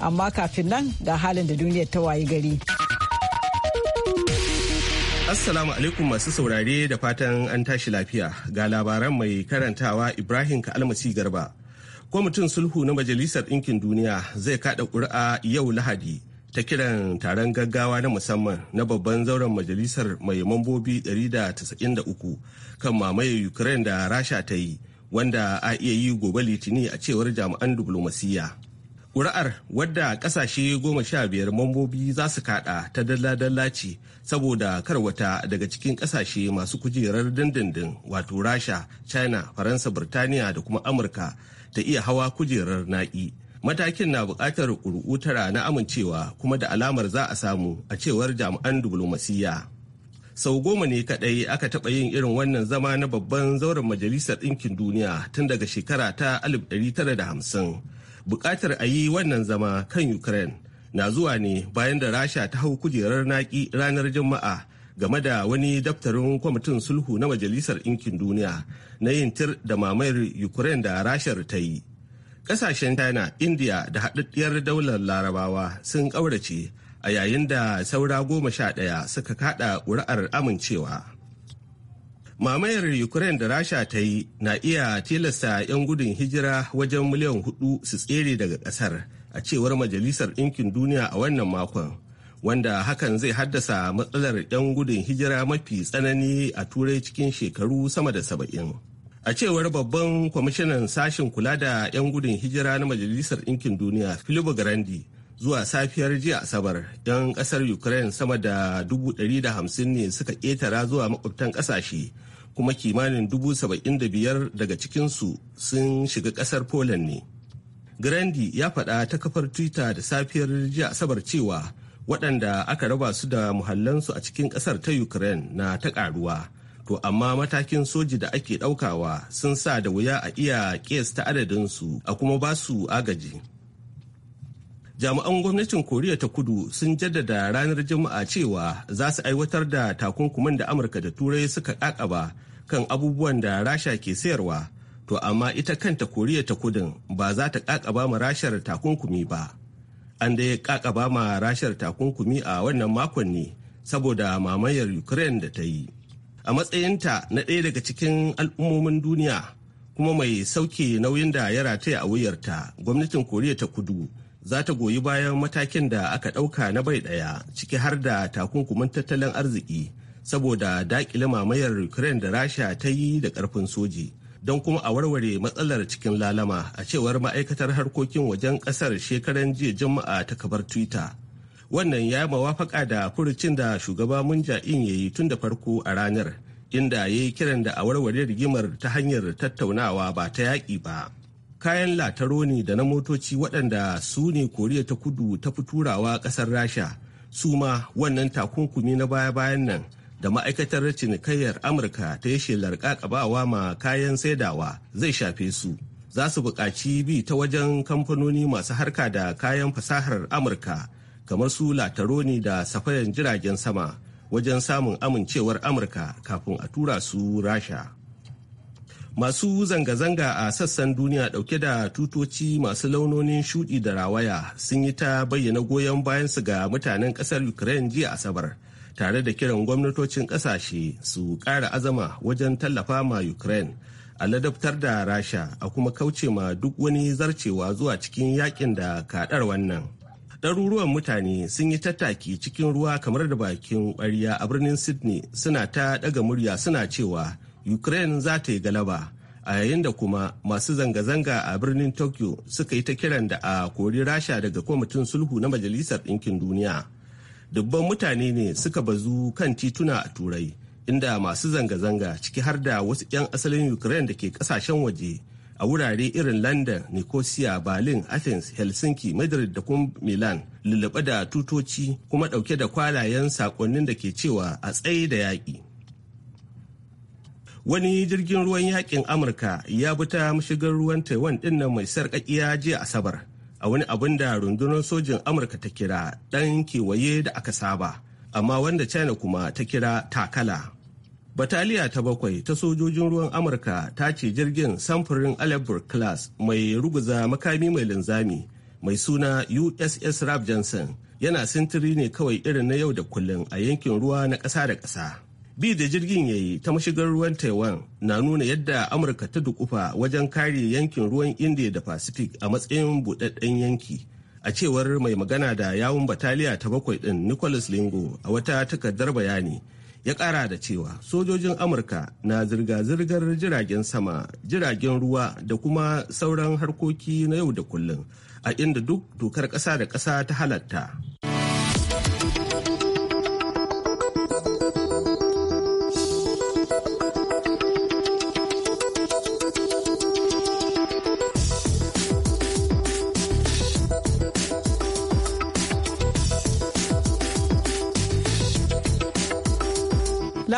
amma kafin nan ga halin da duniyar ta wayi gari. Assalamu alaikum masu saurare da fatan an tashi lafiya ga labaran mai karantawa Ibrahim ka'almasi Garba. Kwamitin sulhu na Majalisar Ɗinkin Duniya zai kaɗa ƙuri'a yau Lahadi ta kiran taron gaggawa na musamman na babban zauren majalisar mai mambobi 193 kan mamaye Ukraine da Rasha ta yi wanda a iya yi gobe litini a cewar jami'an diplomasiyya. Ƙuri'ar wadda ƙasashe goma sha biyar mambobi za su kaɗa ta dalla-dalla ce saboda karwata daga cikin ƙasashe masu kujerar dindindin wato Rasha, China, Faransa, burtaniya da kuma Amurka ta iya hawa kujerar naƙi. Matakin na buƙatar kuru'utara na amincewa kuma da alamar za a samu a cewar jami'an dublomasiya. sau goma ne kadai aka taɓa yin irin wannan zama na babban zauren majalisar ɗinkin duniya tun daga shekara ta 1950 bukatar a yi wannan zama kan ukraine na zuwa ne bayan da rasha ta hau kujerar naki ranar juma'a game da wani daftarin kwamitin sulhu na majalisar ɗinkin duniya na yin tir da mamayar ukraine da rashar ta yi ƙasashen china india da haɗaɗɗiyar daular larabawa sun ƙaurace a yayin da saura goma sha ɗaya suka kaɗa ƙuri'ar amincewa mamayar ukraine da rasha ta yi na iya tilasta 'yan gudun hijira wajen miliyan hudu su tsere daga kasar a cewar majalisar ɗinkin duniya a wannan makon wanda hakan zai haddasa matsalar 'yan gudun hijira mafi tsanani a turai cikin shekaru sama da saba'in a cewar babban kwamishinan sashen kula da 'yan gudun hijira na majalisar ɗinkin duniya filibo garandi zuwa safiyar jiya asabar 'yan kasar ukraine sama da 150 ne suka ƙetara zuwa makwabtan ƙasashe kuma kimanin dubu saba'in da biyar daga cikinsu sun shiga ƙasar poland ne grandi ya faɗa ta kafar twitter da safiyar jiya asabar cewa waɗanda aka raba su da muhallansu a cikin ƙasar ta ukraine na ta ƙaruwa to amma matakin soji da ake ɗaukawa sun sa da wuya a iya ƙiyasta adadinsu a kuma ba su agaji jami'an gwamnatin koriya ta kudu sun jaddada ranar juma'a cewa za su aiwatar da takunkumin da amurka da turai suka kakaba kan abubuwan da rasha ke sayarwa to amma ita kanta koriya ta kudin ba za ta kakaba ma rashar takunkumi ba an dai kakaba ma rashar takunkumi a wannan makon ne saboda mamayar ukraine da ta yi a matsayinta na ɗaya daga cikin al'ummomin duniya kuma mai sauke nauyin da ya rataya a wuyarta gwamnatin koriya ta kudu za ta goyi bayan matakin da aka ɗauka na bai ɗaya ciki har da takunkumin tattalin arziki saboda daƙile mamayar ukraine da rasha ta yi da ƙarfin soji don kuma a warware matsalar cikin lalama a cewar ma'aikatar harkokin wajen ƙasar shekaran jiya juma'a ta kabar twitter wannan ya yi mawafaka da furucin da shugaba munja in ya yi tun da farko a ranar inda ya yi kiran da a warware rigimar ta hanyar tattaunawa ba ta yaƙi ba kayan lataroni da na motoci waɗanda su ne koriya ta kudu ta fi turawa ƙasar rasha su ma wannan takunkumi na baya-bayan nan da ma'aikatar cinikayyar amurka ta yi shelar ƙaƙabawa ma kayan saidawa zai shafe su za su buƙaci bi ta wajen kamfanoni masu harka da kayan fasahar amurka kamar su lataroni da safayan jiragen sama wajen samun amincewar amurka kafin a tura su rasha masu zanga-zanga a sassan duniya dauke da tutoci masu launonin shudi da rawaya sun yi ta bayyana goyon bayansu ga mutanen kasar ukraine jiya asabar tare da kiran gwamnatocin kasashe su ƙara azama wajen tallafa ma ukraine a ladabtar da rasha a kuma kauce ma duk wani zarcewa zuwa cikin yakin da kaɗar wannan ɗaruruwan mutane sun yi tattaki cikin ruwa kamar da bakin ƙwarya a birnin sydney suna ta ɗaga murya suna cewa ukraine za ta yi galaba a yayin da kuma masu zanga-zanga a birnin tokyo suka yi ta kiran da a kori rasha daga kwamitin sulhu na majalisar ɗinkin duniya dubban mutane ne suka bazu kan tituna a turai inda masu zanga-zanga ciki har da wasu 'yan asalin ukraine da ke kasashen waje a wurare irin london nicosia berlin athens helsinki madrid da kuma milan lullube da tutoci kuma dauke da kwalayen sakonnin da ke cewa a tsaye da yaƙi wani jirgin ruwan yakin amurka ya bi ta mashigar ruwan taiwan nan mai sarƙaƙiya jiya asabar a wani abin da rundunar sojin amurka ta kira 'Dan kewaye da aka saba amma wanda china kuma ta kira takala bataliya ta bakwai ta sojojin ruwan amurka ta ce jirgin samfurin alabur class mai ruguza makami mai linzami mai suna uss rap johnson yana sintiri ne kawai irin na yau da kullum a yankin ruwa na ƙasa da ƙasa bi da jirgin ya yi ta mashigar ruwan taiwan na nuna yadda amurka ta dukufa wajen kare yankin ruwan india da pacific a matsayin budadden yanki a cewar mai magana da yawun bataliya ta bakwai din nicholas lingo a wata takardar bayani ya kara da cewa sojojin amurka na zirga-zirgar jiragen sama jiragen ruwa da kuma sauran harkoki na yau da kullum a inda duk dokar kasa da kasa ta halatta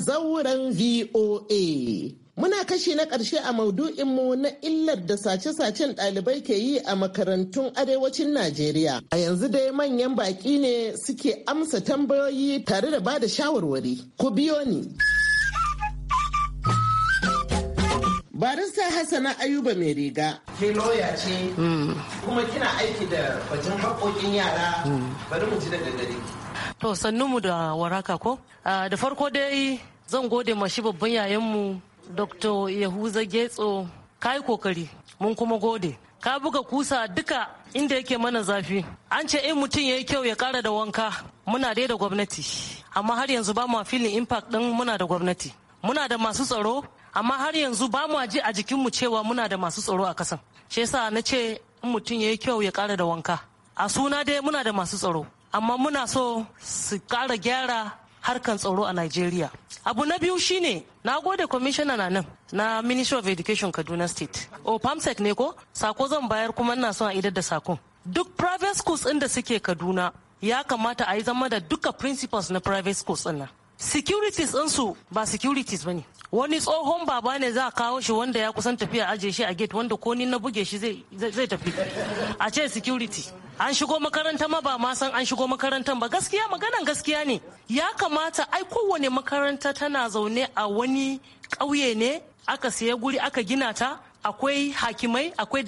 zauren VOA. Muna kashi na ƙarshe a maudu'inmu na illar da sace-sacen ɗalibai ke yi a makarantun arewacin Najeriya. A yanzu dai manyan baƙi ne suke amsa tambayoyi tare da ba da shawarwari. Ku biyo ni. barista hassana ayuba mai riga ke loya ce kuma kina aiki da bajin haƙoƙin yara bari mu ji daga gari. to sannunmu da waraka ko ah, da farko dai zan gode ma shi babban yayinmu dr yahuza getso ka yi kokari mun kuma gode ka buga kusa duka inda yake mana zafi an ce in mutum ya yi kyau ya kara da wanka muna dai da gwamnati amma har yanzu ba a filin impact din muna da gwamnati muna da masu tsaro amma har yanzu ba mu ji a jikinmu cewa muna da masu tsaro a kasan shi yasa na ce in mutum ya yi kyau ya kara da wanka a suna dai muna da masu tsaro amma muna so su kara gyara harkan tsaro a Najeriya. Abu na biyu shine na gode kwamishina na nan na Ministry of Education Kaduna State. O PAMSEC ne ko? Sako zan bayar kuma ina son a idar da sakon. Duk private schools ɗin da suke Kaduna ya kamata a yi zama da duka principals na private schools ɗin nan. securities ɗinsu ba securities ba ne wani tsohon baba ne za a kawo shi wanda ya kusan tafiya ajiye shi a gate wanda ko ni na buge shi zai tafi a ce security an shigo makaranta ma ba ma san an shigo makarantar ba gaskiya maganan gaskiya ne ya kamata ai kowane makaranta tana zaune a wani ƙauye ne aka siya guri aka gina ta akwai hakimai akwai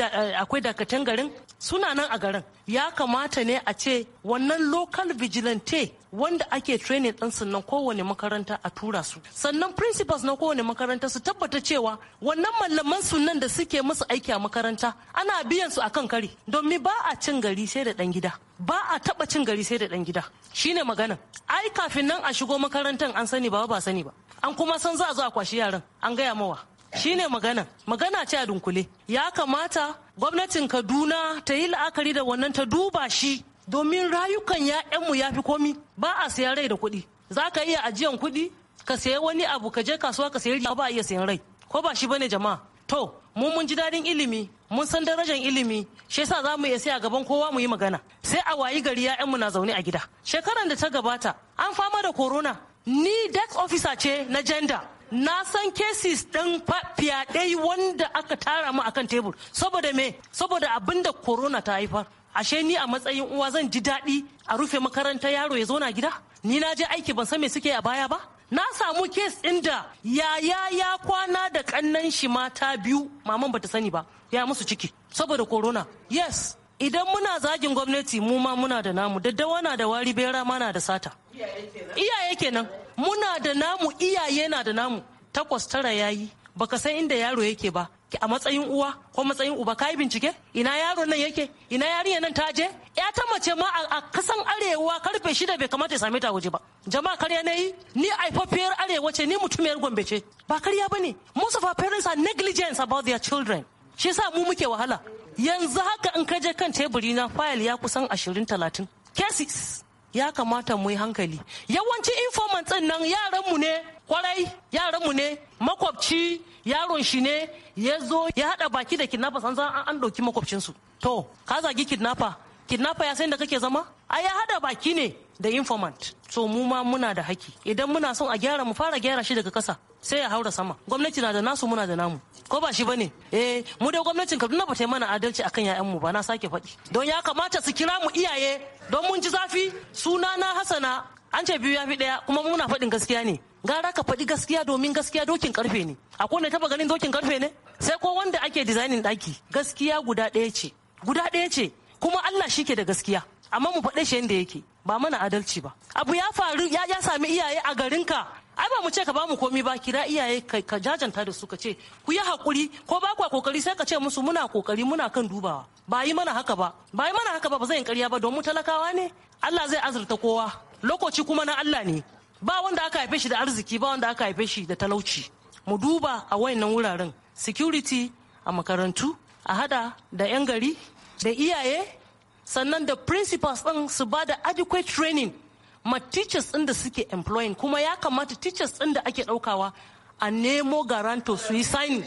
eh, dakatan garin suna nan a garin ya kamata ne a ce wannan local vigilante wanda ake training ɗinsu nan kowane makaranta a tura su sannan principals na kowane makaranta su tabbata cewa wannan mallaman su nan da suke musu aiki a makaranta ana biyan su akan kari domin ba a cin gari sai da ɗan gida ba a taba cin gari sai da ɗan gida shine maganan ai kafin nan a shigo makarantar an sani ba ba sani ba an kuma san za a zo a kwashi yaran an gaya mawa Shi ne magana magana ce a dunkule ya kamata gwamnatin kaduna ta yi la'akari da wannan ta duba shi domin rayukan 'ya'yanmu ya fi komi ba a siya rai da kuɗi za ka iya ajiyan kuɗi ka sayi wani abu ka je kasuwa ka sayi ba iya sayan rai ko ba shi bane jama'a to mu mun ji dadin ilimi mun san darajar ilimi shi yasa za mu iya siya gaban kowa mu yi magana sai a wayi gari 'ya'yanmu na zaune a gida shekaran da ta gabata an fama da corona ni desk officer ce na gender na san cases ɗin fyaɗe wanda aka tara mu akan tebur saboda me saboda abin da corona ta haifar ashe ni a matsayin uwa zan ji daɗi a rufe makaranta yaro ya zauna gida ni na je aiki ban san me suke a baya ba na samu kes da yaya ya kwana da ƙannan shi mata biyu maman bata sani ba ya musu ciki saboda corona yes idan muna zagin gwamnati mu ma muna da namu daddawa na da wari bera ma na da sata iyaye kenan muna da namu iyaye na da namu takwas tara yayi baka san inda yaro yake ba a matsayin uwa ko matsayin uba kai bincike ina yaro nan yake ina yarinya nan ta je ya ta mace ma a kasan arewa karfe shida bai kamata ya same ta waje ba jama'a karya na yi ni aifafiyar arewa ce ni mutumiyar gombe ce ba karya ba ne most of our parents are negligent about their children shi sa mu muke wahala yanzu haka in je kan teburi na fayil ya kusan ashirin talatin cases ya kamata mu yi hankali yawanci informants din nan mu ne kwarai yaran mu ne makwabci yaron shi ne ya zo ya hada baki da kidnapper san an ɗauki makwabcinsu to ka zagi kidnapper kidnapper ya san da kake zama a ya hada baki ne da informant so mu ma muna da haki idan muna son a gyara mu fara gyara shi daga kasa sai a haura sama gwamnati na da nasu muna da namu ko ba shi bane eh mu dai gwamnatin Kaduna ba ta yi mana adalci akan yayan mu ba na sake faɗi don ya kamata su kira mu iyaye don mun ji zafi suna na Hassana an ce biyu ya fi ɗaya kuma muna faɗin gaskiya ne gara ka faɗi gaskiya domin gaskiya dokin karfe ne akwai wanda taba ganin dokin karfe ne sai ko wanda ake dizainin daki gaskiya guda ɗaya ce guda ɗaya ce kuma Allah shi ke da gaskiya amma mu faɗe shi yadda yake ba mana adalci ba abu ya faru ya sami iyaye a garinka ai ba mu ce ka ba mu komi ba kira iyaye ka jajanta da su ka ce ku yi hakuri ko ba ku kokari sai ka ce musu muna kokari muna kan dubawa ba yi mana haka ba ba yi mana haka ba ba zan karya ba mu talakawa ne Allah zai azurta kowa lokaci kuma na Allah ne ba wanda aka haife shi da arziki ba wanda aka haife shi da talauci mu duba a wayannan wuraren security a makarantu a hada da 'yan gari da iyaye sannan da principals ɗin su ba da adequate training ma teachers ɗin da suke employing kuma ya kamata teachers ɗin da ake ɗaukawa a nemo garanto su yi sani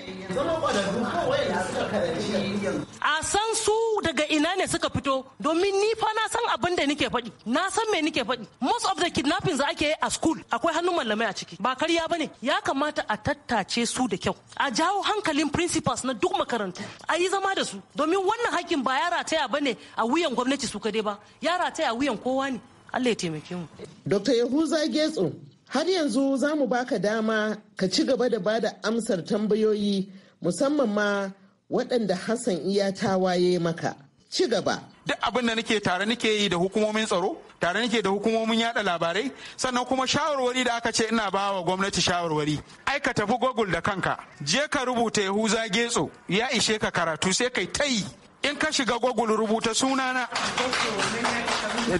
a san su daga ina ne suka fito domin ni fa na san abin da nike faɗi na san me nike faɗi most of the kidnappings da ake a school akwai hannun malamai a ciki ba karya bane ya kamata a tattace su da kyau a jawo hankalin principals na duk makarantu a yi zama da su domin wannan hakkin ba yara taya bane a wuyan gwamnati su dai ba yara taya wuyan kowa ne Allah ya taimake mu. Dr. Yahuza Getso Har yanzu za mu baka dama ka ci gaba da bada amsar tambayoyi musamman ma waɗanda Hassan iya tawaye maka. Ci gaba. Duk abin da nake tare nake yi da hukumomin tsaro, tare nake da hukumomin yada labarai, sannan kuma shawarwari da aka ce ina bawa gwamnati shawarwari. Ai ka tafi Google da kanka, je ka rubuta Yahuza Getso ya ishe ka karatu sai kai ta yi. in ka shiga google rubuta sunana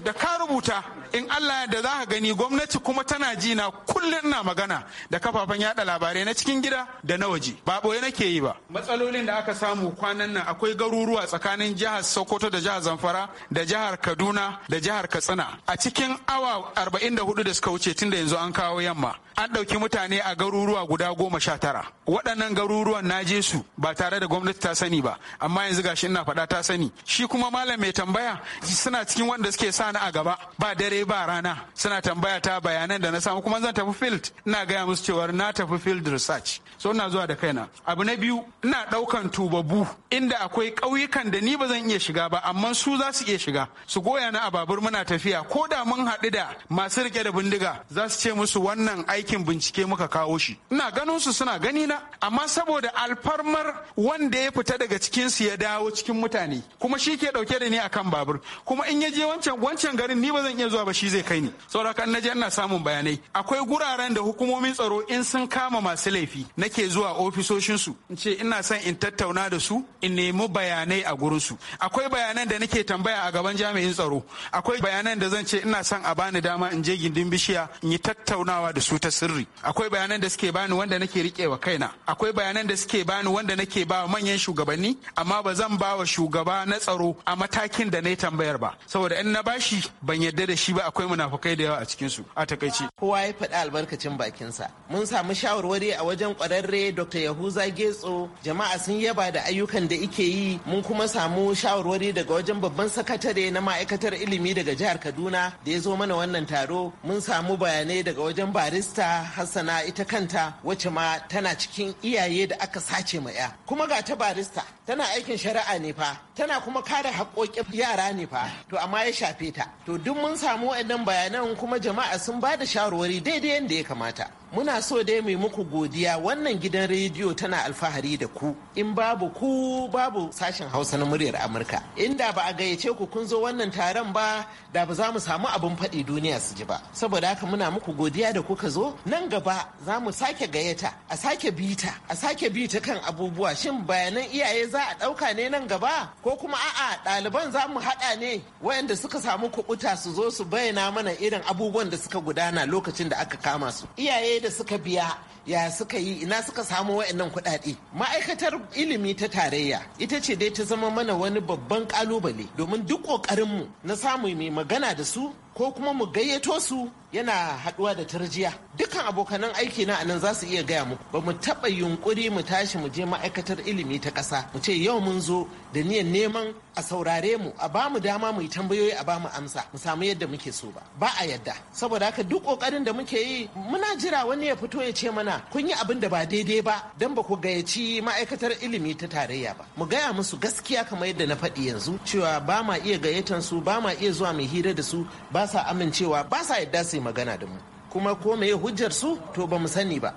da ka rubuta in allah da za ka gani gwamnati kuma tana ji na kullum na magana da kafafen yada labarai na cikin gida da na waje ba boye nake yi ba matsalolin da aka samu kwanan nan akwai garuruwa tsakanin jihar sokoto da jihar zamfara da jihar kaduna da jihar katsina a cikin awa 44 da suka wuce tun da yanzu an kawo yamma an ɗauki mutane a garuruwa guda goma sha tara waɗannan garuruwan na je su ba tare da gwamnati ta sani ba amma yanzu gashi ina faɗa ta sani shi kuma malam mai tambaya suna cikin wanda suke sa ni a gaba ba dare ba rana suna tambaya ta bayanan da na samu kuma zan tafi field ina gaya musu cewa na tafi field research so ina zuwa da kaina abu na biyu ina ɗaukan tubabu inda akwai ƙauyukan da ni ba zan iya shiga ba amma su za su iya shiga su goya na a babur muna tafiya ko da mun haɗu da masu rike da bindiga za su ce musu wannan aikin bincike muka kawo shi ina ganin su suna gani na amma saboda alfarmar wanda ya fita daga cikinsu ya dawo cikin cikin mutane kuma shi ke dauke da ni akan babur kuma in ya je wancan wancan garin ni ba zan iya zuwa ba shi zai kai ni saboda haka na je ina samun bayanai akwai guraren da hukumomin tsaro in sun kama masu laifi nake zuwa ofisoshin su in ce ina son in tattauna da su in nemi bayanai a gurin su akwai bayanan da nake tambaya a gaban jami'in tsaro akwai bayanan da zan ce ina son a bani dama in je gindin bishiya in yi tattaunawa da su ta sirri akwai bayanan da suke bani wanda nake rike wa kaina akwai bayanan da suke bani wanda nake ba manyan shugabanni amma ba zan ba wa shugaba na tsaro a matakin da na yi tambayar ba saboda in na bashi ban yadda da shi ba akwai munafukai da yawa a cikin su a takaice kowa ya faɗi albarkacin bakinsa mun samu shawarwari a wajen kwararre dr yahuza getso jama'a sun yaba da ayyukan da ike yi mun kuma samu shawarwari daga wajen babban sakatare na ma'aikatar ilimi daga jihar kaduna da ya zo mana wannan taro mun samu bayanai daga wajen barista hassana ita kanta wacce ma tana cikin iyaye da aka sace ma ya kuma ga ta barista tana aikin shari'a ne fa tana kuma kare haƙoƙin yara ne fa to amma ya shafe ta to duk mun samu waɗannan bayanan kuma jama'a sun ba da shawarwari daidai yadda ya kamata muna so dai mai muku godiya wannan gidan rediyo tana alfahari da ku in babu ku babu sashen hausa na muryar amurka inda ba a gayyace ku kun zo wannan taron ba da ba za mu samu abin faɗi duniya su ji ba saboda haka muna muku godiya da kuka zo nan gaba za mu sake gayyata a sake bita a sake bita kan abubuwa shin bayanan iyaye za a ɗauka ne nan gaba ko kuma a'a ɗaliban za mu haɗa ne wayanda suka samu kuɓuta su zo su bayyana mana irin abubuwan da suka gudana lokacin da aka kama su iyaye da suka biya ya suka yi ina suka samu wa'annan kuɗaɗe ma'aikatar ilimi ta tarayya ita ce dai ta zama mana wani babban kalubale domin duk ƙoƙarinmu na samu mai magana da su ko kuma mu gayyato su yana haɗuwa da tarjiya dukkan abokanan aiki na anan za su iya gaya mu ba mu taɓa yunƙuri mu tashi mu je ma'aikatar ilimi ta ƙasa mu ce yau mun zo da niyan neman a saurare mu a ba mu dama mu yi tambayoyi a ba mu amsa mu samu yadda muke so ba ba a yadda saboda haka duk ƙoƙarin da muke yi muna jira wani ya fito ya ce mana kun yi abin da ba daidai ba dan ba ku gayyaci ma'aikatar ilimi ta tarayya ba mu gaya musu gaskiya kamar yadda na faɗi yanzu cewa ba ma iya gayyatan su ba ma iya zuwa mai hira da su ba sa amincewa ba sa yadda su yi magana da mu kuma ko meye hujjar su to ba mu sani ba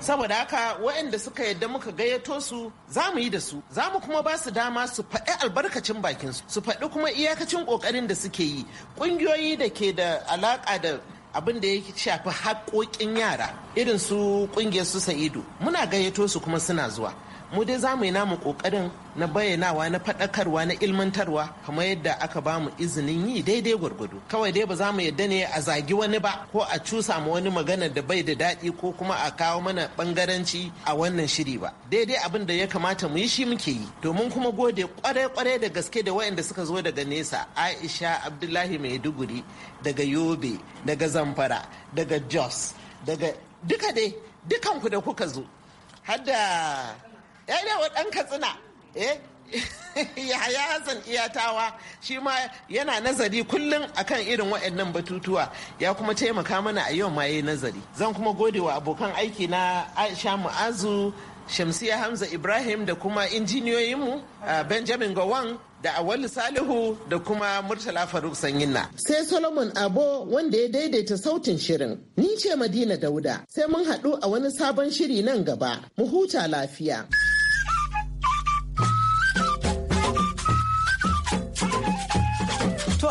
saboda haka waɗanda suka yadda muka gayyato su za mu yi da su za mu kuma ba su dama su faɗi albarkacin bakin su su faɗi kuma iyakacin ƙoƙarin da suke yi ƙungiyoyi da ke da alaƙa da abin da ya shafi haƙoƙin yara irin su ƙungiyar su Sa'idu muna gayyato su kuma suna zuwa mu dai za mu yi namu kokarin na bayyanawa na faɗakarwa na ilmantarwa kamar yadda aka ba mu izinin yi daidai gwargwado kawai dai ba za mu yadda ne a zagi wani ba ko a cusa ma wani magana da bai da daɗi ko kuma a kawo mana ɓangaranci a wannan shiri ba daidai abin da ya kamata mu yi shi muke yi domin kuma gode kwarai kwarai da gaske da waɗanda suka zo daga nesa aisha abdullahi maiduguri daga yobe daga zamfara daga jos daga duka dai dukanku da kuka zo har ɗaya wa ɗan katsina eh ya hassan iyatawa shi ma yana nazari kullum akan irin waɗannan batutuwa ya kuma taimaka mana a yau ma yi nazari zan kuma gode wa abokan aiki na aisha mu'azu shamsiya hamza ibrahim da kuma injiniyoyinmu benjamin gowon da awali salihu da kuma murtala faruk sanyinna sai solomon abo wanda ya daidaita sautin shirin ni ce madina dauda sai mun haɗu a wani sabon shiri nan gaba mu huta lafiya.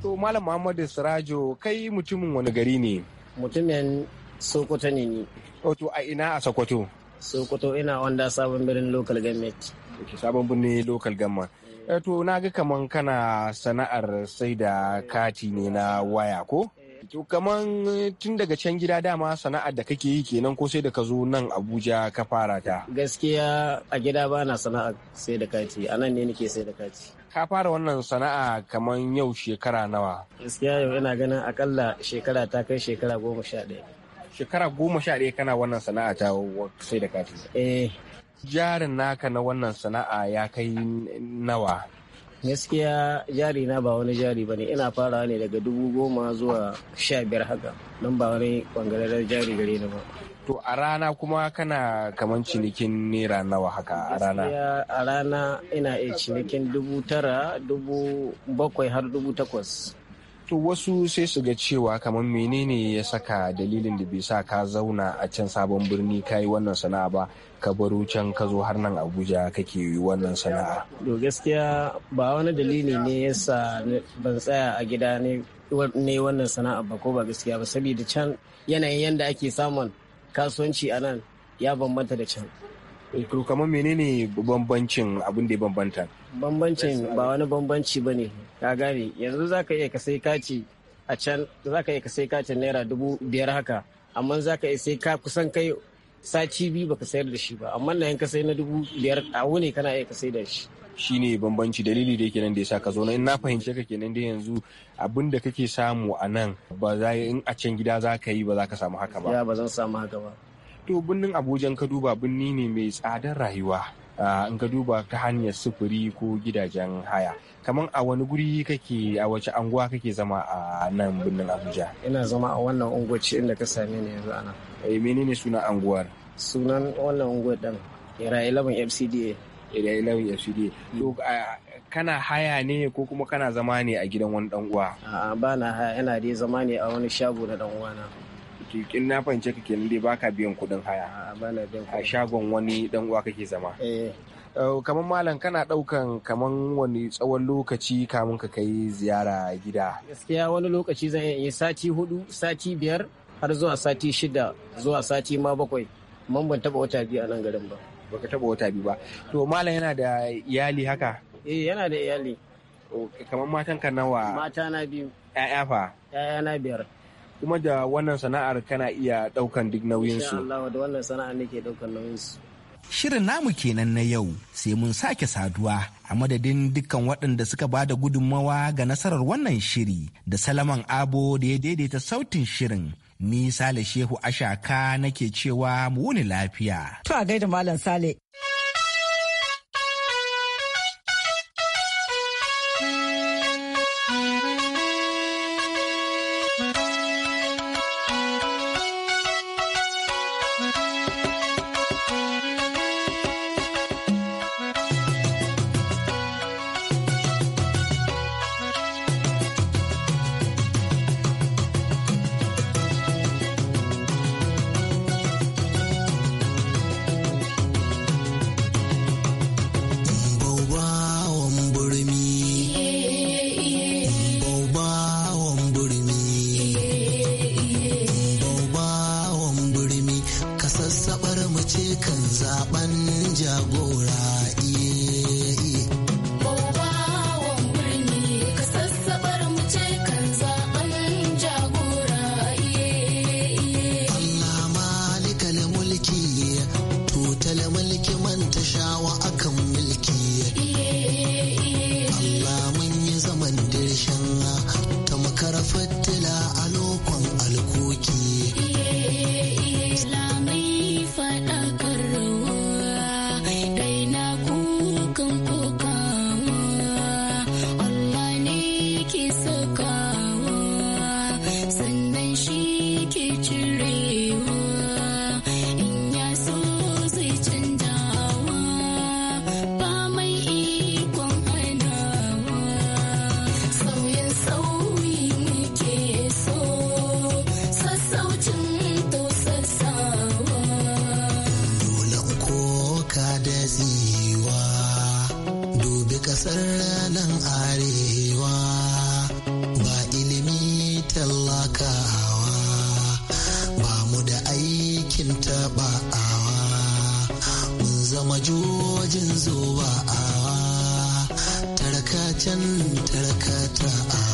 To Malam Muhammadu Sirajo kai mutumin wani gari ne? Mutumin Sokoto ne ni. Wato oh, a ina a Sokoto? Sokoto ina wanda sabon birnin local government. sabon birnin local government. Mm. To na ga kaman kana sana'ar sai da kati ne na waya ko? To kaman tun daga can gida dama sana'ar da kake yi kenan ko sai da ka zo nan Abuja ka fara ta? Gaskiya a gida ba na sana'ar sai da kati, a nan ne nake sai da kati. ka fara wannan sana'a kamar yau shekara nawa gaskiya yau ina ganin akalla shekara ta kai shekara goma sha ɗaya shekara goma sha ɗaya kana wannan sana'a ta sai da kati eh jarin naka na wannan sana'a ya kai nawa gaskiya jari na ba wani jari ba ne ina farawa ne daga dubu goma zuwa sha biyar haka don ba wani kwangararren jari gare ni ba To a rana kuma kana kamar cinikin naira nawa haka a rana? A rana ina iya cinikin dubu tara, dubu bakwai har dubu takwas. To wasu sai su ga cewa kamar menene ya saka dalilin da bai sa ka zauna a can sabon birni ka yi wannan sana'a ba ka baro can ka zo har nan Abuja kake yi wannan sana'a. To gaskiya ba wani dalili ne ya sa ban tsaya a gida ne ne wannan sana'a ba ko ba gaskiya ba saboda can yanayin yadda ake samun kasuwanci a nan ya bambanta da can eh, to kamar menene bambancin abin da ya bambanta bambancin ba wani bambanci ba ne ka gane yanzu za ka iya ka sai kaci a can za ka iya ka sai kacin naira dubu biyar haka amma za ka iya sai kusan kai sati biyu baka sayar da shi ba amma na ka sai na dubu biyar a wuni kana iya ka sai da shi shi ne bambanci dalili da yake nan da ya sa ka zo in na fahimci ka kenan da yanzu abin da kake samu a nan ba za in a can gida za ka yi ba za ka samu haka ba ya ba zan samu haka ba to birnin abuja ka duba birni ne mai tsadar rayuwa in ka duba ta hanyar sufuri ko gidajen haya kamar a wani guri kake a wace anguwa kake zama a nan birnin abuja ina zama a wannan unguwaci inda ka same ni yanzu ana eh menene sunan anguwar sunan wannan unguwar din ira 11 fcda ira 11 fcda to kana haya ne ko kuma kana zama ne a gidan wani dan uwa a'a ba na haya ina dai zama ne a wani shago na dan uwa na kin na fahimce ka kenan dai baka biyan kuɗin haya a shagon wani dan uwa kake zama eh. Eh, kamar malam kana ɗaukan kamar wani tsawon lokaci kamun ka kai ziyara gida gaskiya wani lokaci zan iya sati hudu sati biyar har zuwa sati shida zuwa sati ma bakwai man ban taba wata biyu a nan garin ba baka taba wata biyu ba to malam yana da iyali haka eh yana da iyali kamar matan ka nawa mata na biyu ƴaƴa fa ƴaƴa na biyar kuma da wannan sana'ar kana iya ɗaukan duk nauyinsu. nauyinsu. Shirin namu kenan na yau sai mun sake saduwa a madadin dukkan waɗanda suka ba da gudunmawa ga nasarar wannan shiri da Salaman Abo da ya daidaita sautin shirin. Ni Sale Shehu Ashaka nake cewa mu wuni lafiya. To a gaida Malam Sale. jin zowa awa tarkacen tarkata a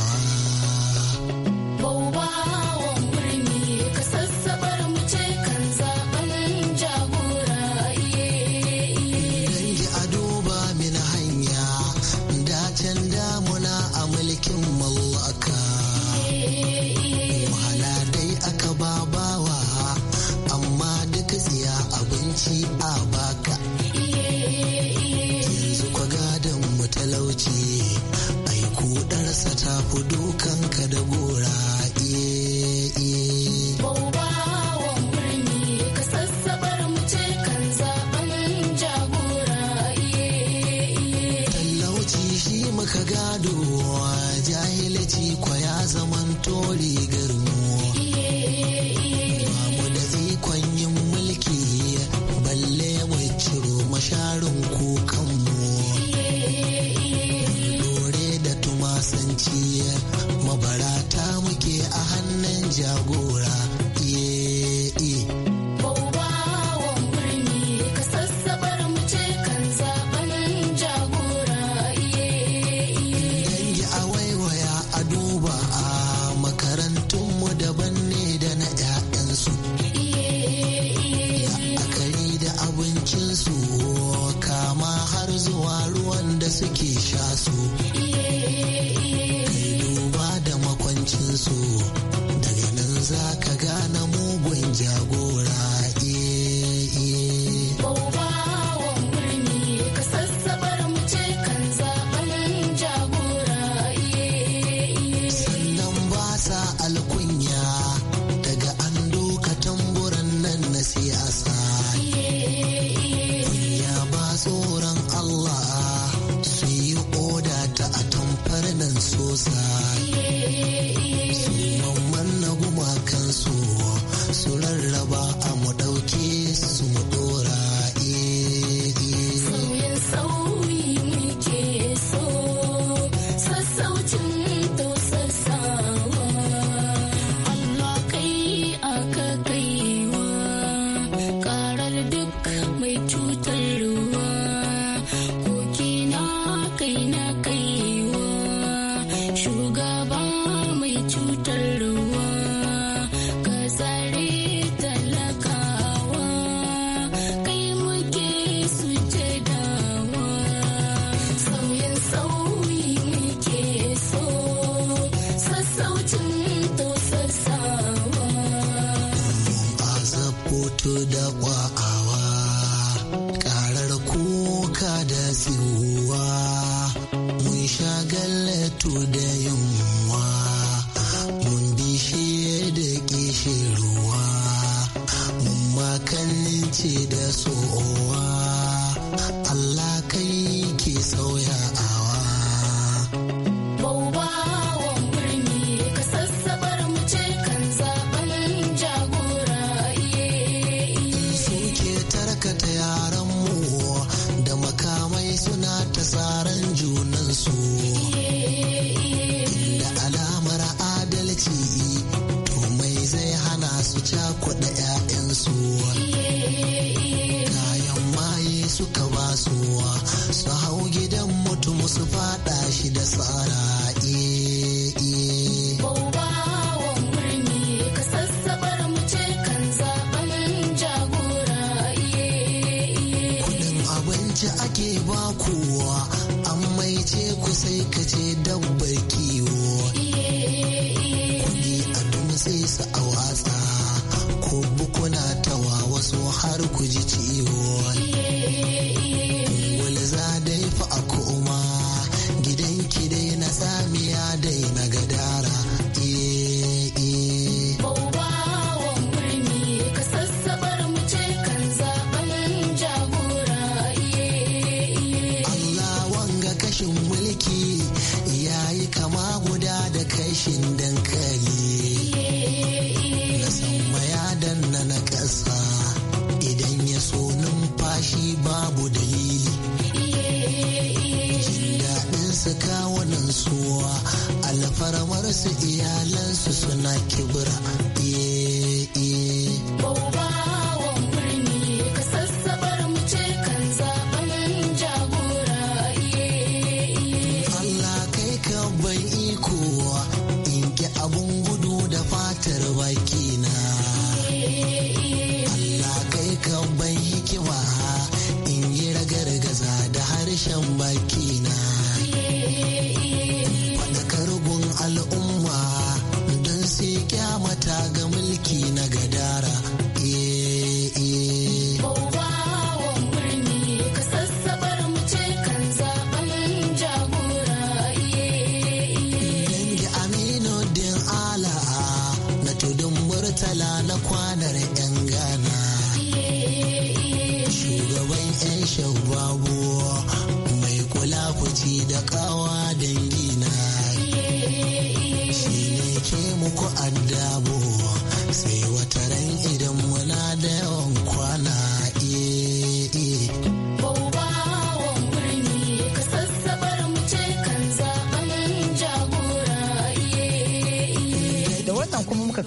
kunya ruwa su hau gidan mutum su fada shi da tsara'i eh. wasu iyalansu suna kibura murtala na kwana